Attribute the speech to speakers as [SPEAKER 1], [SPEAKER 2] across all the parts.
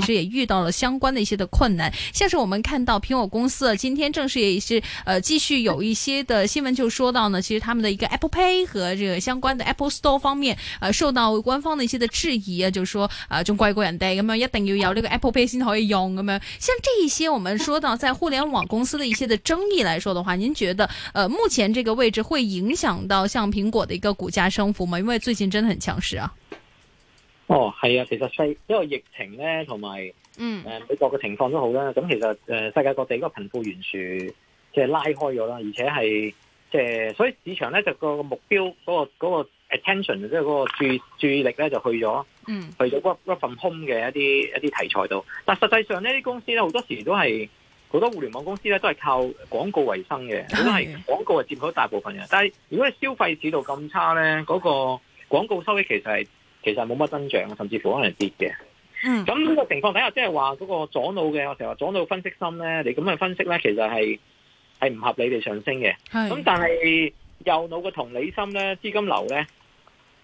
[SPEAKER 1] 其實也遇到了相關的一些的困難，像是我們看到蘋果公司、啊、今天正式也是呃繼續有一些的新聞就說到呢，其實他們的一個 Apple Pay 和這個相關的 Apple Store 方面呃受到官方的一些的質疑啊，就是、說啊中、呃、怪國人哋，咁樣一定要有這個 Apple Pay 先可以用咁樣。像這一些我們說到在互聯網公司的一些的爭議來說的話，您覺得呃目前這個位置會影響到像蘋果的一個股價升幅嗎？因為最近真的很強勢啊。
[SPEAKER 2] 哦，係啊，其實世因為疫情咧，同埋嗯，誒美國嘅情況都好啦。咁其實誒世界各地嗰個貧富懸殊即係拉開咗啦，而且係即係，所以市場咧就個目標嗰、那個嗰、那個 attention 即係嗰個注注意力咧就去咗，嗯、去咗 work from home 嘅一啲一啲題材度。但實際上呢啲公司咧好多時都係好多互聯網公司咧都係靠廣告為生嘅，的都係廣告係佔到大部分嘅。但係如果係消費市道咁差咧，嗰、那個廣告收益其實係。其實冇乜增長，甚至乎可能是跌嘅。嗯，咁呢個情況底下，即係話嗰個左腦嘅，我成日話左腦分析心咧，你咁去分析咧，其實係係唔合理地上升嘅。咁是但係右腦嘅同理心咧，資金流咧，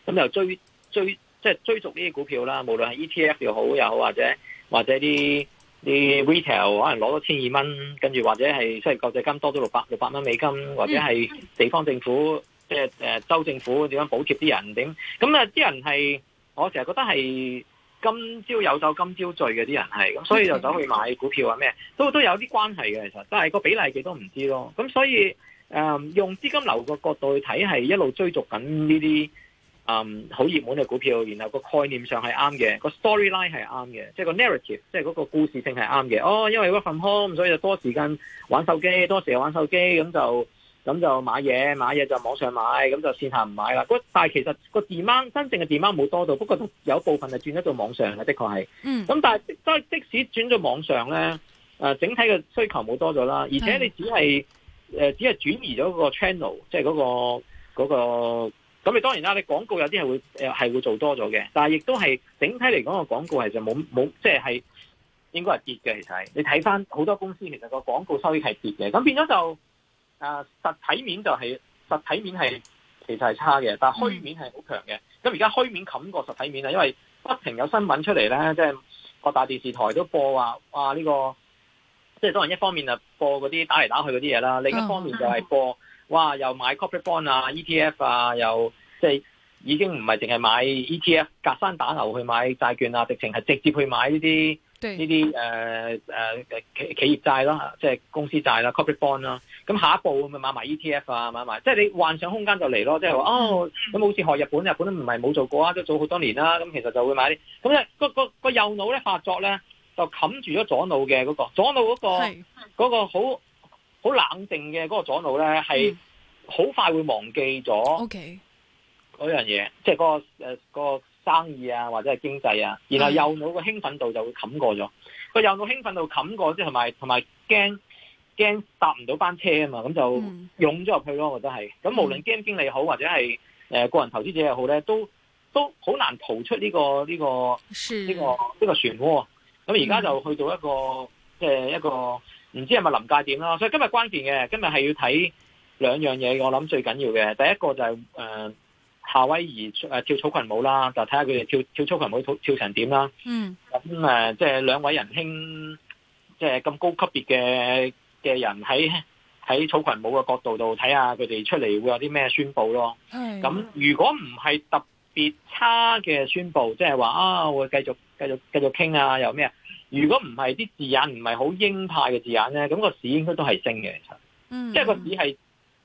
[SPEAKER 2] 咁、嗯、又追追即係追，追逐呢啲股票啦。無論係 ETF 又好，又好或者或者啲啲 retail、嗯、可能攞咗千二蚊，跟住或者係失業救濟金多咗六百六百蚊美金，或者係地方政府。即係誒，州政府點樣補貼啲人？點咁啊？啲人係，我成日覺得係今朝有酒今朝醉嘅啲人係，所以就走去買股票啊咩？都都有啲關係嘅其實，但係個比例幾多唔知咯。咁所以誒、嗯，用資金流個角度去睇，係一路追逐緊呢啲誒好熱門嘅股票，然後個概念上係啱嘅，story line 就是、個 storyline 係啱嘅，即係個 narrative，即係嗰個故事性係啱嘅。哦，因為 work from home，所以就多時間玩手機，多時玩手機咁就。咁就買嘢，買嘢就網上買，咁就線下唔買啦。但係其實個 demand 真正嘅 demand 冇多到，不過都有部分係轉咗到網上嘅，的確係。嗯。咁但係即使轉咗網上咧，整體嘅需求冇多咗啦，而且你只係、嗯呃、只係轉移咗個 channel，即係嗰個嗰個，咁你當然啦，你廣告有啲係會誒係會做多咗嘅，但係亦都係整體嚟講個廣告係就冇冇，即係係應該係跌嘅。其實你睇翻好多公司其實個廣告收益係跌嘅，咁變咗就。啊！實體面就係、是、實體面係其實係差嘅，但虛面係好強嘅。咁而家虛面冚過實體面啦，因為不停有新聞出嚟咧，即、就、係、是、各大電視台都播話，哇！呢、這個即係當然一方面就播嗰啲打嚟打去嗰啲嘢啦。嗯、另一方面就係播，哇！又買 corporate bond 啊、ETF 啊，又即係、就是、已經唔係淨係買 ETF，隔山打牛去買債券啊，直情係直接去買呢啲呢啲企企業債啦，即、就、係、是、公司債啦 corporate bond 啦、啊。咁下一步咪買埋 ETF 啊，買埋即係你幻想空間就嚟咯，即係話哦，咁好似學日本，日本都唔係冇做過啊，都做好多年啦，咁其實就會買啲咁，就個、嗰個、嗰個右腦咧發作咧，就冚住咗左腦嘅嗰個左腦嗰個嗰個好好冷靜嘅嗰個左腦咧，係好快會忘記咗嗰樣嘢，Okay 即係嗰、嗰個、嗰個生意啊或者係經濟啊，然後右腦嘅興奮度就會冚過咗，個右腦興奮度冚過即係同埋同埋驚。驚搭唔到班車啊嘛，咁就湧咗入去咯，嗯、我覺得係。咁無論基金經理好，或者係誒個人投資者又好咧，嗯，都都好難逃出呢、這個呢、這個呢的、這個呢、這個漩渦。咁而家就去到一個、嗯、即係一個唔知係咪臨界點啦。所以今日關鍵嘅，今日係要睇兩樣嘢。我諗最緊要嘅，第一個就係、是、誒、呃、夏威夷誒、呃、跳草裙舞啦，就睇下佢哋跳跳草裙舞跳跳成點啦。嗯。咁誒、嗯，即係兩位仁兄，即係咁高級別嘅。嘅人喺喺草裙舞嘅角度度睇下佢哋出嚟會有啲咩宣布咯。咁嗯如果唔係特別差嘅宣布，即係話啊，會繼續繼續繼續傾啊，又咩啊？如果唔係啲字眼唔係好鷹派嘅字眼咧，咁個市應該都係升嘅。嗯,嗯，其實即係個市係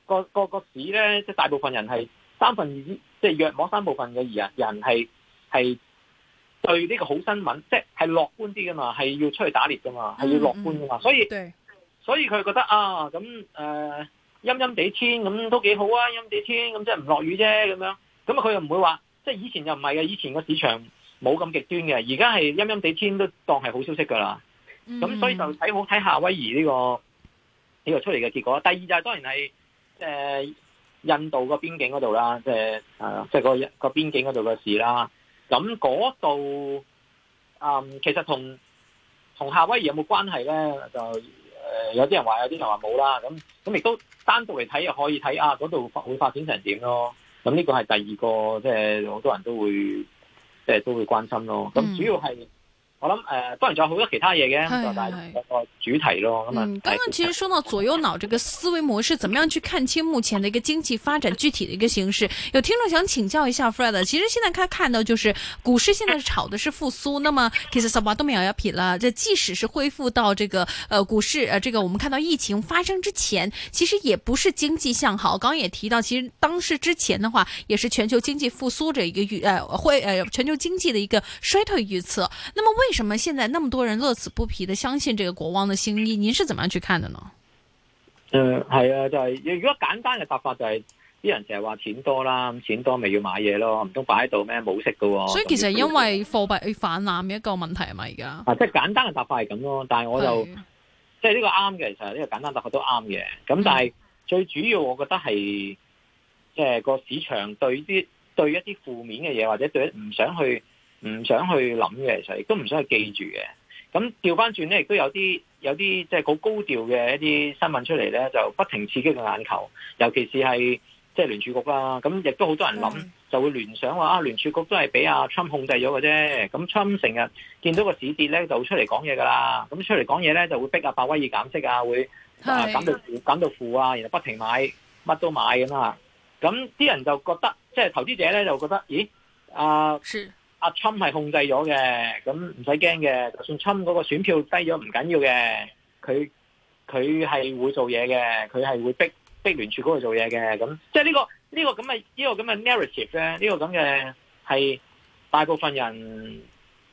[SPEAKER 2] 個個個市咧，即係大部分人係三分二，即係約摸三部分嘅而人人係係對呢個好新聞，即係係樂觀啲噶嘛，係要出去打獵噶嘛，係要樂觀噶嘛，嗯嗯所以。所以佢覺得啊，咁誒陰陰地天咁都幾好啊，陰陰地天咁即係唔落雨啫咁樣。咁啊佢又唔會話，即係以前就唔係嘅，以前個市場冇咁極端嘅。而家係陰陰地天都當係好消息㗎啦。咁、mm hmm. 所以就睇好睇夏威夷呢、呢個呢、呢個出嚟嘅結果。第二就係、是、當然係誒、呃、印度邊、即係即係、個邊境嗰度啦，即係即係個個邊境嗰度嘅事啦。咁嗰度啊，其實同同夏威夷有冇關係咧？就誒，有啲人話，有啲人話冇啦，咁咁亦都單獨嚟睇又可以睇啊，嗰度發會發展成點咯？咁呢個係第二個，即係好多人都會即係都會關心咯。咁主要係。我諗、呃、當然仲有好多其他嘢嘅，作為一個主題咯咁啊。嗯，剛剛其
[SPEAKER 1] 實講到左右腦這個思維模式，怎麼樣去看清目前的一個經濟發展具體的一個形勢？有聽眾想請教一下 Fred，其實現在佢看到就是股市現在炒的是復甦，那麼其實乜都冇要撇啦。這即使是恢復到這個，呃股市，呃這個，我們看到疫情發生之前，其實也不是經濟向好。剛剛也提到，其實當時之前的話，也是全球經濟復甦這一個預，呃，會，呃，全球經濟的一個衰退預測。那麼為為什麼現在那麼多人樂此不疲地相信這個國王的新衣？您是怎麼樣去看的呢？誒、
[SPEAKER 2] 呃，係啊，就係如果簡單嘅答法就係、是，啲人成日話錢多啦，咁錢多咪要買嘢咯，唔通擺喺度咩冇息嘅？所以其實因
[SPEAKER 1] 為貨幣氾濫一個問題係咪而家？
[SPEAKER 2] 啊，即係、啊、簡單嘅答法係咁咯，但係我就即係呢個啱嘅，其實呢個簡單答法都啱嘅。咁但係最主要，我覺得係即係個市場對啲對一啲負面嘅嘢，或者對唔想去，唔想去諗嘅，其實亦都唔想去記住嘅。咁調翻轉咧，亦都有啲有啲即係好高調嘅一啲新聞出嚟咧，就不停刺激個眼球。尤其是係即係聯儲局啦，咁亦都好多人諗的就會聯想話啊，聯儲局都係俾阿 Trump 控制咗嘅啫。咁 Trump 成日見到個市跌咧，就出嚟講嘢㗎喇。咁出嚟講嘢咧，就會逼阿伯威爾減息啊，會減到負的到負啊，然後不停買乜都買咁嘛。咁啲人就覺得即係、就是、投資者咧，就覺得咦，啊阿侵係控制咗嘅，咁唔使驚嘅。就算侵嗰個選票低咗唔緊要嘅，佢佢係會做嘢嘅，佢係會逼逼聯儲嗰度做嘢嘅。咁即係呢個呢個咁嘅呢個咁嘅 narrative 咧，呢個咁嘅係大部分人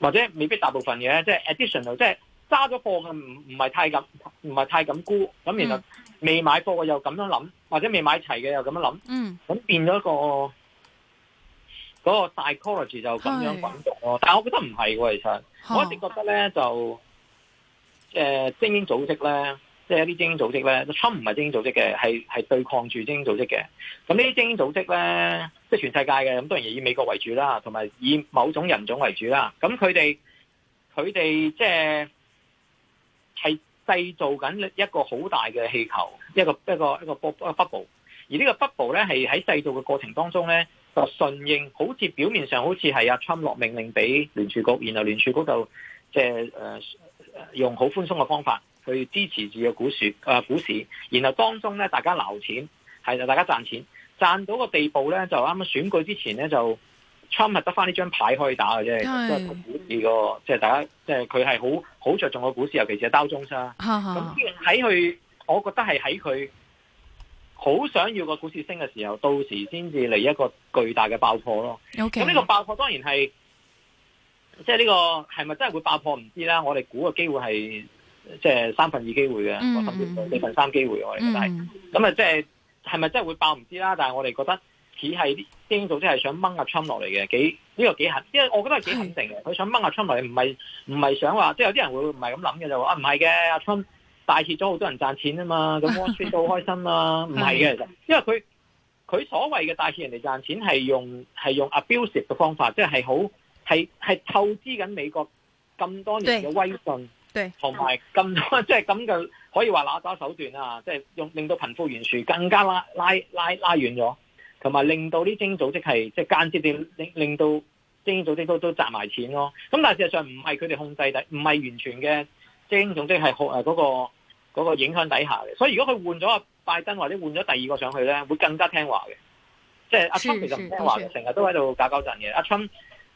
[SPEAKER 2] 或者未必大部分嘅，即係 additional，即係揸咗貨嘅唔唔係太敢唔係太敢沽咁，然後未買貨嘅又咁樣諗，或者未買齊嘅又咁樣諗，咁變咗一個。嗰個大 college 就咁樣滾動咯，的但係我覺得唔係，其實的我一直覺得咧就誒、呃、精英組織咧，即係一啲精英組織咧 Trump 唔係精英組織嘅，係係對抗住精英組織嘅。咁呢啲精英組織咧，即係全世界嘅，咁當然以美國為主啦，同埋以某種人種為主啦。咁佢哋佢哋即係係製造緊一個好大嘅氣球，一個一個一個 bubble。而呢個 bubble 咧係喺製造嘅過程當中咧。順應好似表面上好似係阿 Trump 落命令俾聯儲局，然後聯儲局就即係誒用好寬鬆嘅方法去支持住個股市誒、呃、股市，然後當中咧大家撈錢係就大家賺錢，賺到個地步咧就啱啱選舉之前咧就 Trump 得翻呢張牌可以打嘅啫，即係同股市個即係大家即係佢係好好着重個股市，尤其是係道瓊斯咁喺佢，我覺得係喺佢。好想要個股市升嘅時候，到時先至嚟一個巨大嘅爆破咯。咁呢 Okay. 個爆破當然係，即係呢個係咪真係會爆破唔知啦。我哋估嘅機會係即係三分二機會嘅、mm.，我甚至乎四分三機會我哋都係。咁啊，即係係咪真係會爆唔知啦？但係我哋覺得似係啲啲投資者係想掹阿春落嚟嘅，幾呢、這個幾狠，因為我覺得係幾肯定嘅。佢是想掹阿春落嚟，唔係唔係想話，即、就、係、是、有啲人會唔係咁諗嘅就話啊，唔係嘅阿春。大蝕咗好多人賺錢啊嘛，咁 Wall Street 都好開心啦。唔係嘅，因為佢佢所謂嘅大蝕人嚟賺錢係用係用 abusive 嘅方法，即係好係係透支緊美國咁多年嘅威信，同埋咁多即係咁嘅可以話拿走手段啊，即係用令到貧富懸殊更加拉拉拉拉遠咗，同埋令到啲精英組織係即係間接點令令到精英組織都都賺埋錢咯。咁但係事實上唔係佢哋控制，唔係完全嘅精英組織係嗰個嗰個影響底下嘅，所以如果佢換咗阿拜登或者換咗第二個上去咧，會更加聽話嘅。即係阿川其實唔聽話嘅，成日都喺度搞搞震嘅。阿川、啊，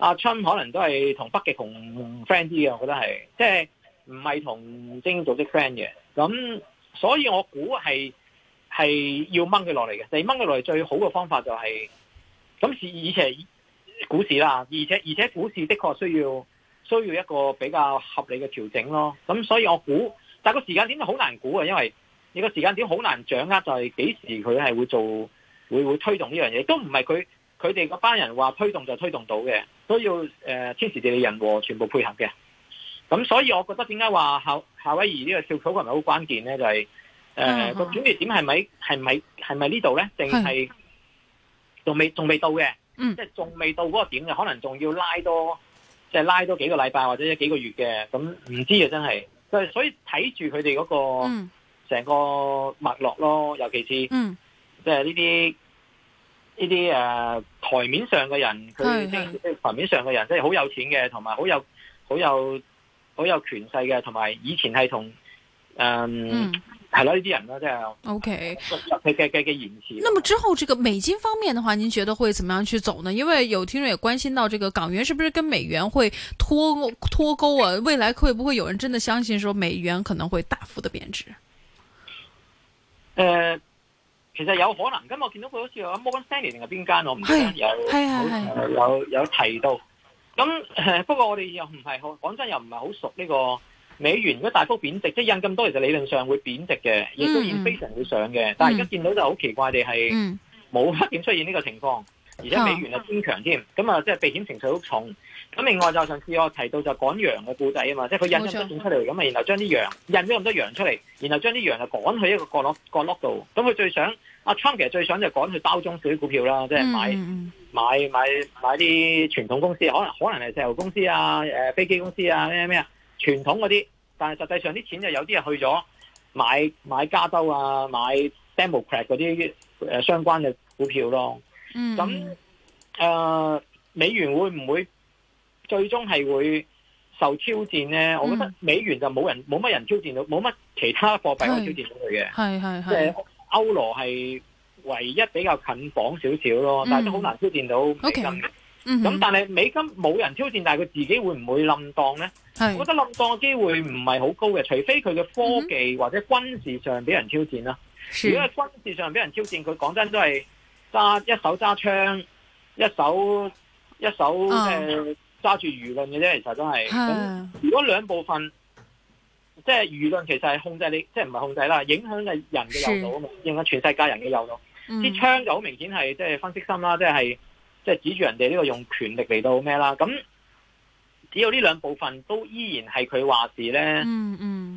[SPEAKER 2] 阿川、啊、可能都係同北極熊 friend 啲嘅，我覺得係，即係唔係同精英組織 friend 嘅。咁所以我估係係要掹佢落嚟嘅。你掹佢落嚟最好嘅方法就係咁是，而且股市啦，而且而且股市的確需要需要一個比較合理嘅調整咯。咁所以我估。但係個時間點好難估啊，因為你個時間點好難掌握，就係、是、幾時佢係會做，會會推動呢樣嘢，都唔係佢佢哋嗰班人話推動就推動到嘅，都要誒、呃、天時地利人和全部配合嘅。咁所以我覺得點解話夏夏威夷呢個跳草裙係咪好關鍵咧？就係、是、誒、呃嗯、個轉折點係咪係咪係咪呢度咧？定係仲未仲未到嘅？即係仲未到嗰個點嘅，可能仲要拉多即係、就是、拉多幾個禮拜或者幾個月嘅。咁唔知啊，真係。所以睇住佢哋嗰個成個脈絡咯，嗯、尤其是即係呢啲呢啲、誒台面上嘅人，佢即係台面上嘅人，即係好有錢嘅，同埋好有好有好有權勢嘅，同埋以前係同嗯。嗯係咯呢啲人咯，真
[SPEAKER 1] 係。O K，佢嘅嘅嘅言辭。那麼之後，這個美金方面的話，您覺得會怎麼樣去走呢？因為有聽眾也關心到，這個港元是不是跟美元會脫脱鈎啊？未來會不會有人真的相信說美元可能會大幅的貶值？呃、
[SPEAKER 2] 其實有可能。咁我見到佢好似阿 Mooney 定係邊間，我唔知有，哎哎哎呃、有有提到。咁、呃、不過我哋又唔係好，講真又唔係好熟呢、這個。美元如果大幅貶值，即係印咁多，其實理論上會貶值嘅，亦都然非常會上嘅。嗯、但係而家見到就好奇怪地係冇出現呢個情況，而且美元又堅強添。咁啊，即係避險情緒好重。咁另外就上次我提到就趕羊嘅故仔啊嘛，即係佢印咗好多錢出嚟咁啊，然後將啲羊印咗咁多羊出嚟，然後將啲羊啊趕去一個角落角落度。咁佢最想阿 Trump 其實最想就係趕去包裝水股票啦，即係買、嗯、買買買啲傳統公司，可能可能係石油公司啊、呃、飛機公司啊、咩咩啊傳統嗰啲。但係實際上啲錢就有啲人去咗買買加州啊，買 Democrat 嗰啲誒、呃、相關嘅股票咯。嗯，咁誒、呃、美元會唔會最終係會受挑戰咧？嗯、我覺得美元就冇人冇乜人挑戰到，冇乜其他貨幣可以挑戰到佢嘅。係係即係歐羅係唯一比較近防少少咯，但係都好難挑戰到美金。嗯 okay. 咁、嗯、但係美金冇人挑戰，但係佢自己會唔會冧檔咧？是我覺得冧檔嘅機會唔係好高嘅，除非佢嘅科技、嗯、哼或者軍事上俾人挑戰啦。如果係軍事上俾人挑戰，佢講是真都係揸一手揸槍，一手一手即係揸、哦呃、住輿論嘅啫，其實都係。咁是如果兩部分即係輿論，就是、其實係控制你，即係唔係控制啦，影響係人嘅游動啊，是影響全世界人嘅游動。啲槍、嗯、就好明顯係即係分析心啦，即係。即係指住人哋呢個用權力嚟到咩啦？咁只有呢兩部分都依然係佢話事咧。嗯嗯。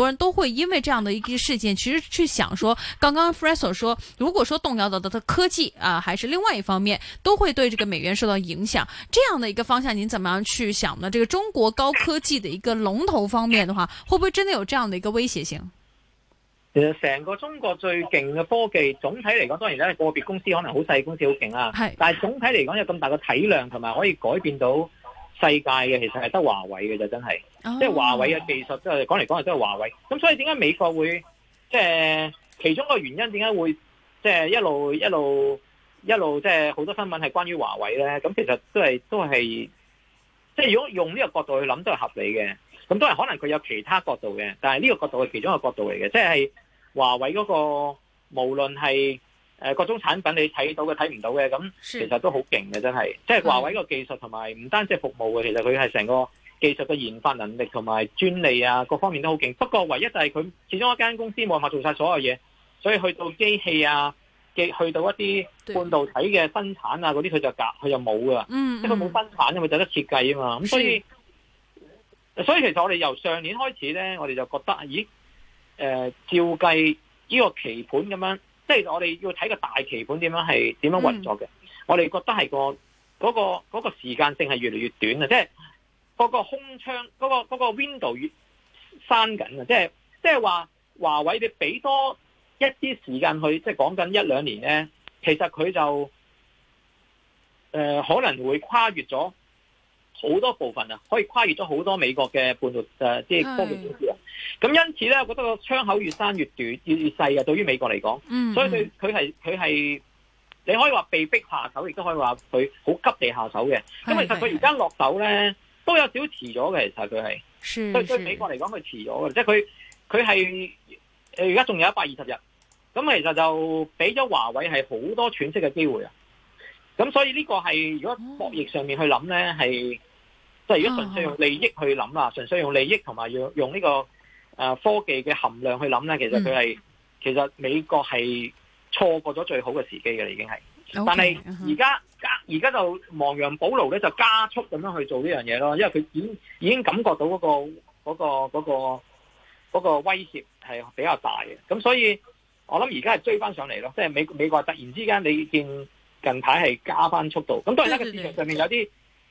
[SPEAKER 1] 很多人都會因為這樣的一啲事件，其實去想說，剛剛 Fresco 說，如果說動搖到的科技啊，還是另外一方面，都會對這個美元受到影響。這樣的一個方向，您怎麼樣去想呢？這個中國高科技的一個龍頭方面的話，會不會真的有這樣的一個威脅性？
[SPEAKER 2] 其實，成個中國最勁嘅科技，總體嚟講，當然咧，個別公司可能好細公司好勁啊。是但係總體嚟講，有咁大的體量，同埋可以改變到。世界嘅其實係得華為嘅啫，真係，oh. 即係華為嘅技術都係講嚟講去都係華為。咁所以點解美國會即係其中個原因？點解會即係一路一路一路即係好多新聞係關於華為咧？咁其實都係都係即係如果用呢個角度去諗都係合理嘅。咁都係可能佢有其他角度嘅，但係呢個角度係其中一個角度嚟嘅，即係華為嗰個無論係。誒，各種產品你睇到嘅、睇唔到嘅，咁其實都好勁嘅，真係，是即係華為個技術同埋唔單止係服務嘅，是其實佢係成個技術嘅研發能力同埋專利啊，各方面都好勁。不過唯一就係佢始終一間公司冇辦法做晒所有嘢，所以去到機器啊嘅，去到一啲半導體嘅生產啊嗰啲，佢就隔，佢就冇㗎，即係佢冇生產，佢就得設計啊嘛。咁所以是所以其實我哋由上年開始咧，我哋就覺得咦、誒、呃，照計呢個棋盤咁樣。即係我哋要睇個大棋盤點樣係點樣運作嘅，我哋覺得係、嗰個嗰、嗰個嗰、嗰個時間性係越嚟越短嘅，即係嗰個空窗嗰、嗰個嗰、嗰個 window 越閂緊啊！即係即係話華為你俾多一啲時間去，即、就、係、是、講緊一兩年咧，其實佢就誒、呃、可能會跨越咗好多部分啊，可以跨越咗好多美國嘅半導體嘅跌幅。咁因此咧，我覺得個窗口越生越短，越細嘅。對於美國嚟講，嗯嗯所以佢佢係佢係你可以話被逼下手，亦都可以話佢好急地下手嘅。咁其實佢而家落手咧，都有少遲咗嘅。其實佢係是對美國嚟講，佢遲咗嘅，即係佢佢係誒而家仲有一百二十日。咁其實就俾咗華為係好多喘息嘅機會啊！咁所以呢個係如果博弈上面去諗咧，係即係如果純粹用利益去諗啦、嗯，純粹用利益同埋用用、這、呢個。啊科技嘅含量去諗咧，其實佢係、嗯、其實美國係錯過咗最好嘅時機嘅啦，已經係。但係而家加而家就亡羊補牢咧，就加速咁樣去做呢樣嘢咯。因為佢已經已經感覺到嗰個嗰個嗰個嗰個威脅係比較大嘅。咁所以，我諗而家係追翻上嚟咯。即係美美國突然之間，你見近排係加翻速度。咁當然啦，個市場上面有啲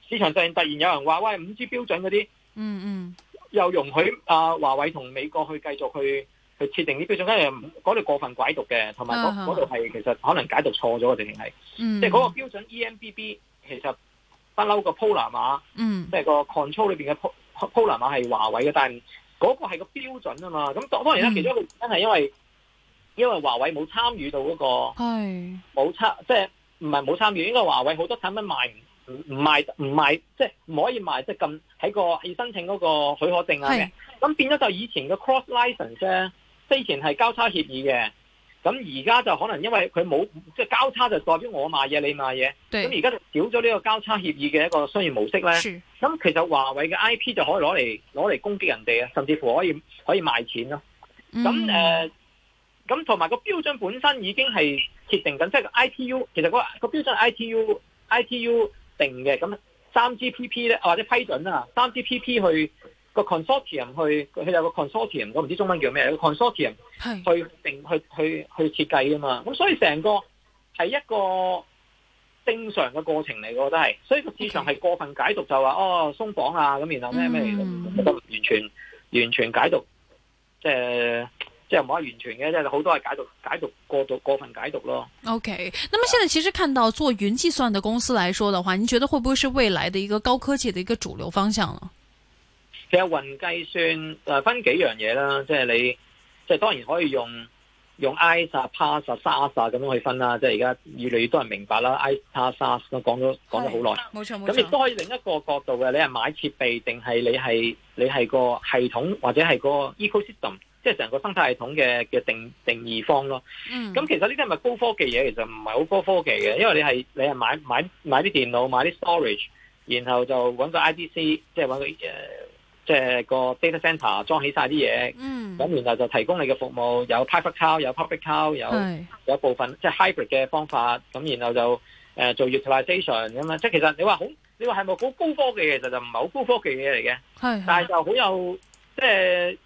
[SPEAKER 2] 市場上面突然有人話，喂，五 G 標準嗰啲、嗯，嗯嗯。又容許啊，華為同美國去繼續去去設定啲標準，跟住嗰度過分詭譎嘅，同埋嗰度係其實可能解讀錯咗嘅定係，即係嗰個標準 EMBB 其實不嬲個 Polar 碼，即係、嗯、個 control 裏面嘅 Polar 碼係華為嘅，但嗰個係個標準啊嘛。咁當然啦，嗯、其中一個原因係因為因為華為冇參與到嗰、嗰個，冇參，即係唔係冇參與，應該華為好多產品賣。唔。唔唔賣唔賣，即係唔可以賣，即係咁喺個要申請嗰個許可證啊嘅。咁是變咗就以前嘅 cross license 咧，之前係交叉協議嘅。咁而家就可能因為佢冇即係交叉，就代表我賣嘢你賣嘢。咁而家就少咗呢個交叉協議嘅一個商業模式咧。咁是其實華為嘅 I P 就可以攞嚟攞嚟攻擊人哋啊，甚至乎可以可以賣錢咯。咁誒、嗯，咁同埋個標準本身已經係設定緊，即係個 I T U。其實個個標準 I T U I T U。定嘅咁三 GPP 咧，或者批准啊，三 GPP 去個 consortium 去佢有個 consortium，我唔知中文叫咩，有個 consortium 去定是去去去，去設計噶嘛，咁所以成個係一個正常嘅過程嚟，我都係，所以個市場係過分解讀 Okay. 就話哦鬆綁啊，咁然後咩咩、mm.，完全完全解讀即係、呃即係唔可以完全嘅，即係好多係解讀解讀過度過分解讀咯。
[SPEAKER 1] OK，那麼現在其實看到做雲計算的公司來說的話，你覺得會不會是未來的一個高科技的一個主流方向呢？
[SPEAKER 2] 其實雲計算誒、呃、分幾樣嘢啦，即係你即係當然可以用用 IaaS、啊、PaaS、啊、SaaS 咁樣去分啦。即係而家越嚟越多人明白啦，IaaS、PaaS 都係、啊、講咗講咗好耐。冇錯冇錯。咁亦都可以另一個角度嘅，你係買設備定係你係你係個系統或者係個 ecosystem。即係成個生態系統嘅嘅定定義方咯。咁、嗯、其實呢啲係咪高科技嘢？其實唔係好高科技嘅，因為你係你係買買買啲電腦、買啲 storage，然後就揾個 IDC，即係揾個，、呃、個 data centre e 裝起晒啲嘢。咁、嗯、然後就提供你嘅服務，有 private cloud 有 public cloud，有 cloud，有，是有部分即係、就是、hybrid 嘅方法。咁然後就誒、呃、做 utilization 咁啊！即係其實你話好，你話係咪好高科技的？其實就唔係好高科技嘅嘢嚟嘅。係的，但係就好有即係。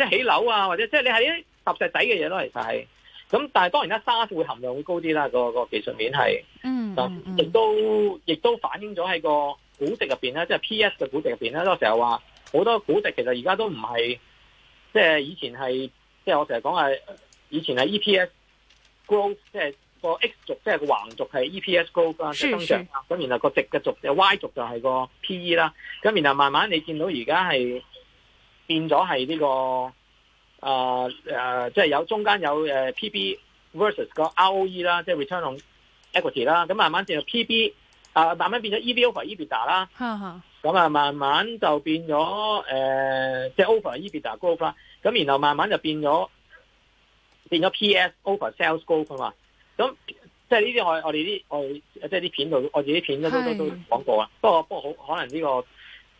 [SPEAKER 2] 即係起樓啊，或者即係你係啲石細仔嘅嘢咯，其實係咁，但係當然啦，沙會含量會高啲啦，個、個技術面係，嗯，嗯，嗯，亦都亦都反映咗喺個估值入邊啦。即係 P/S 嘅估值入邊啦。嗰個時候話好多估值其實而家都唔係，即係以前係，即係我成日講係，以前係 E.P.S. growth，即係個 X 軸，即係個橫軸係 E.P.S. growth 啊是，增長，咁然後個直嘅軸，個 Y 軸就係個 P.E. 啦，咁然後慢慢你見到而家係。變咗係呢個誒誒，即、呃、係、就是、有中間有誒 P/B versus 個 RO、e, ROE 啦，即係 return on equity 啦。咁慢慢變咗 P/B，啊慢慢變咗、呃、EBIT over EBITDA 啦。咁啊，慢慢就變咗誒，即、呃、係、就是、over EBITDA growth 啦。咁然後慢慢就變咗變咗 PS over sales growth 嘛。咁即係呢啲我我哋啲我即係啲片度，我自己片都都是都講過啊。不過不過好可能呢、呢個。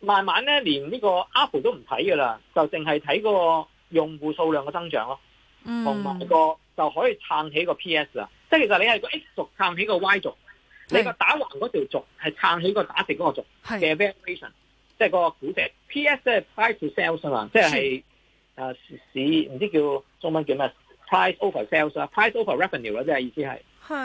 [SPEAKER 2] 慢慢咧，連呢個 Apple 都唔睇噶啦，就淨係睇個用戶數量嘅增長咯，
[SPEAKER 3] 同埋、嗯、
[SPEAKER 2] 個就可以撐起個 PS 啦。即係其實你係個 X 軸撐起個 Y 軸，是你個打橫嗰條軸係撐起個打直嗰個軸嘅 valuation 即係個估值。PS 即係 price to sales 是、就是、啊，即係啊市唔知叫中文叫咩？price over sales 啊，price over revenue 啦，即係意思係，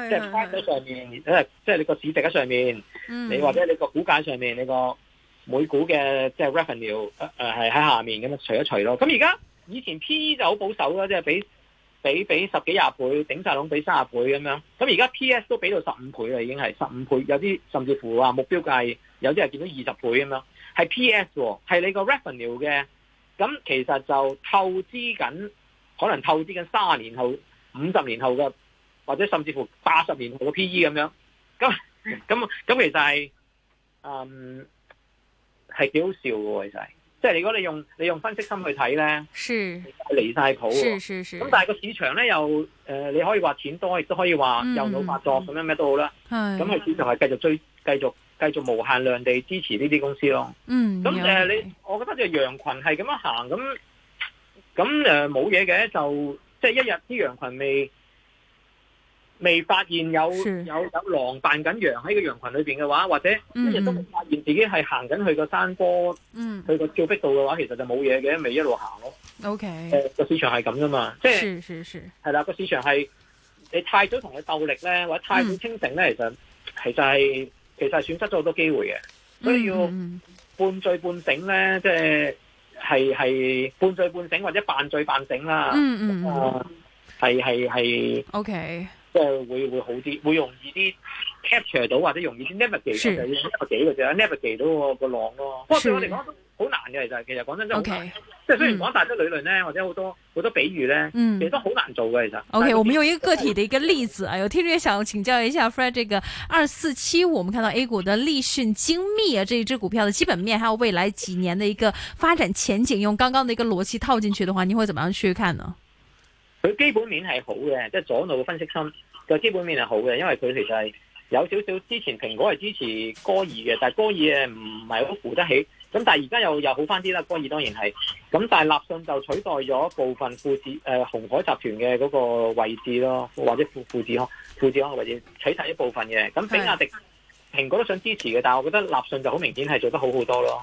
[SPEAKER 2] 即係 price 喺上面，即係即係你個市值喺上面，嗯、你或者你個股價上面，你個、嗯。每股嘅即係 revenue，誒係喺下面咁啊，除一除咯。咁而家以前 P E 就好保守啦，即係俾俾俾十幾廿倍，頂晒籠俾三十倍咁樣，咁而家 P S 都俾到十五倍啦，已經係十五倍，有啲甚至乎話目標價有啲係見到二十倍咁樣，係 P S 喎、哦，係你個 revenue 嘅。咁其實就透支緊可能透支緊三十年後五十年後嘅，或者甚至乎八十年後嘅 P E 咁樣，咁咁咁其實係。嗯。係幾好笑嘅喎，其實，即係如果你用你用分析心去睇咧，係離曬譜喎。咁但係個市場咧又誒、呃，你可以話錢多，亦都可以話右腦發作咁樣咩都好啦。咁佢市場係繼續追，繼續繼續無限量地支持呢啲公司咯。咁誒，你我覺得就羊群係咁樣行，咁咁誒冇嘢嘅，就即係一日啲羊群未未發現有有是有狼扮緊羊喺個羊群裏邊嘅話，或者一日都未發現自己係行緊去個山坡、嗯、去個峭壁度嘅話，其實就冇嘢嘅，咪一路行咯。
[SPEAKER 3] OK，誒
[SPEAKER 2] 個市場係咁㗎嘛，即係係啦，個市場係你太早同佢鬥力咧，或者太早清醒咧，其實其實係其實係損失咗好多機會嘅，所以要半醉半醒咧，即係係係半醉半醒或者半醉半醒啦，嗯，嗯嗯，係係係，OK。是是是 okay 即係會會好啲，會容易啲 capture 到或者容易啲 navigate 嘅，navigate 嘅啫，navigate 到個個浪咯。不過對我嚟講，好難嘅其實，其實講真真話，即係雖然講大嘅理論咧，或者好多好多比喻咧，其實都好難做嘅其實。OK，我們
[SPEAKER 1] 用一個個體的一個例子啊，有聽眾想請教一下 Fred，這個二四七五，我們看到 A 股的立訊精密啊，這一支股票的基本面，還有未來幾年的一個發展前景，用剛剛的一個邏輯套進去的話，你會怎麼樣去看呢？
[SPEAKER 2] 佢基本面係好嘅，即係左腦嘅分析心，佢基本面係好嘅，因為佢其實係有少少之前蘋果係支持歌爾嘅，但係歌爾係唔係好扶得起，咁但係而家又又好返啲啦，歌爾當然係，咁但係立訊就取代咗部分富士誒、呃、鴻海集團嘅嗰個位置咯，或者富富士康、富士康嘅位置取代一部分嘅，咁比亞迪是的 蘋果都想支持嘅，但係我覺得立訊就好明顯係做得好好多咯。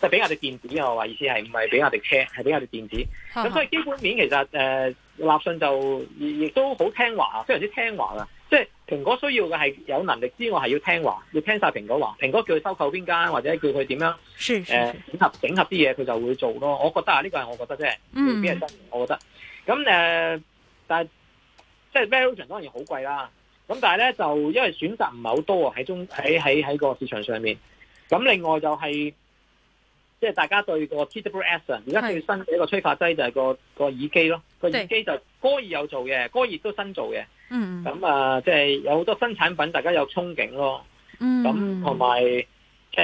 [SPEAKER 2] 就比亞迪電子啊！我話意思係唔係比亞迪車係比亞迪電子。咁 所以基本面其實誒、呃，立訊就亦都好聽話，非常之聽話啊。即係蘋果需要嘅係有能力之外，係要聽話，要聽晒蘋果話。蘋果叫佢收購邊間，或者叫佢點樣誒、 呃、整合整合啲嘢，佢就會做咯。我覺得啊，呢個係我覺得啫，唔未必係真，我覺得。咁誒、呃，但係即係 valuation 當然好貴啦。咁但係咧就因為選擇唔係好多喺中喺喺喺個市場上面。咁另外就係、是。即係大家對個 TWS 而家最新嘅一個催化劑就係、那個是個耳機咯，個耳機就歌爾有做嘅，歌爾都新做嘅。嗯咁啊，即係、就是、有好多新產品，大家有憧憬咯。嗯。
[SPEAKER 3] 咁同
[SPEAKER 2] 埋，誒，係、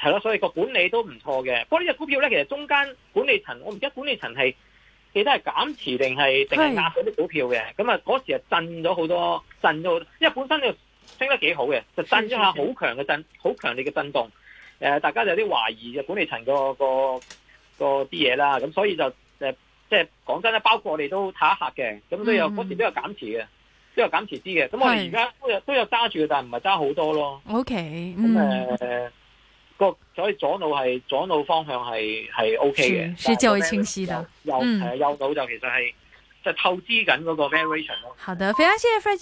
[SPEAKER 2] 呃、咯，所以個管理都唔錯嘅。不過呢隻股票咧，其實中間管理層，我唔知管理層係記得係減持定係定係壓嗰啲股票嘅。咁啊是，嗰時啊震咗好多，震咗好多，因為本身升得幾好嘅，就震咗下好強嘅震，好強的烈嘅震動。誒、呃，大家就有啲懷疑嘅管理層個個個啲嘢啦，咁所以就誒、呃，即係講真咧，包括我哋都睇下嘅，咁都有嗰時都有減持嘅，都有減持啲嘅。咁我哋而家都有是都有揸住，但係唔係揸好多咯。
[SPEAKER 1] OK，咁誒
[SPEAKER 2] 個所以左腦係左腦方向係係 OK 嘅，是較、OK、為清
[SPEAKER 1] 晰的。右係
[SPEAKER 2] 右腦就其實係即係透支緊嗰個 variation。
[SPEAKER 1] 好的，非常謝謝 Freddie。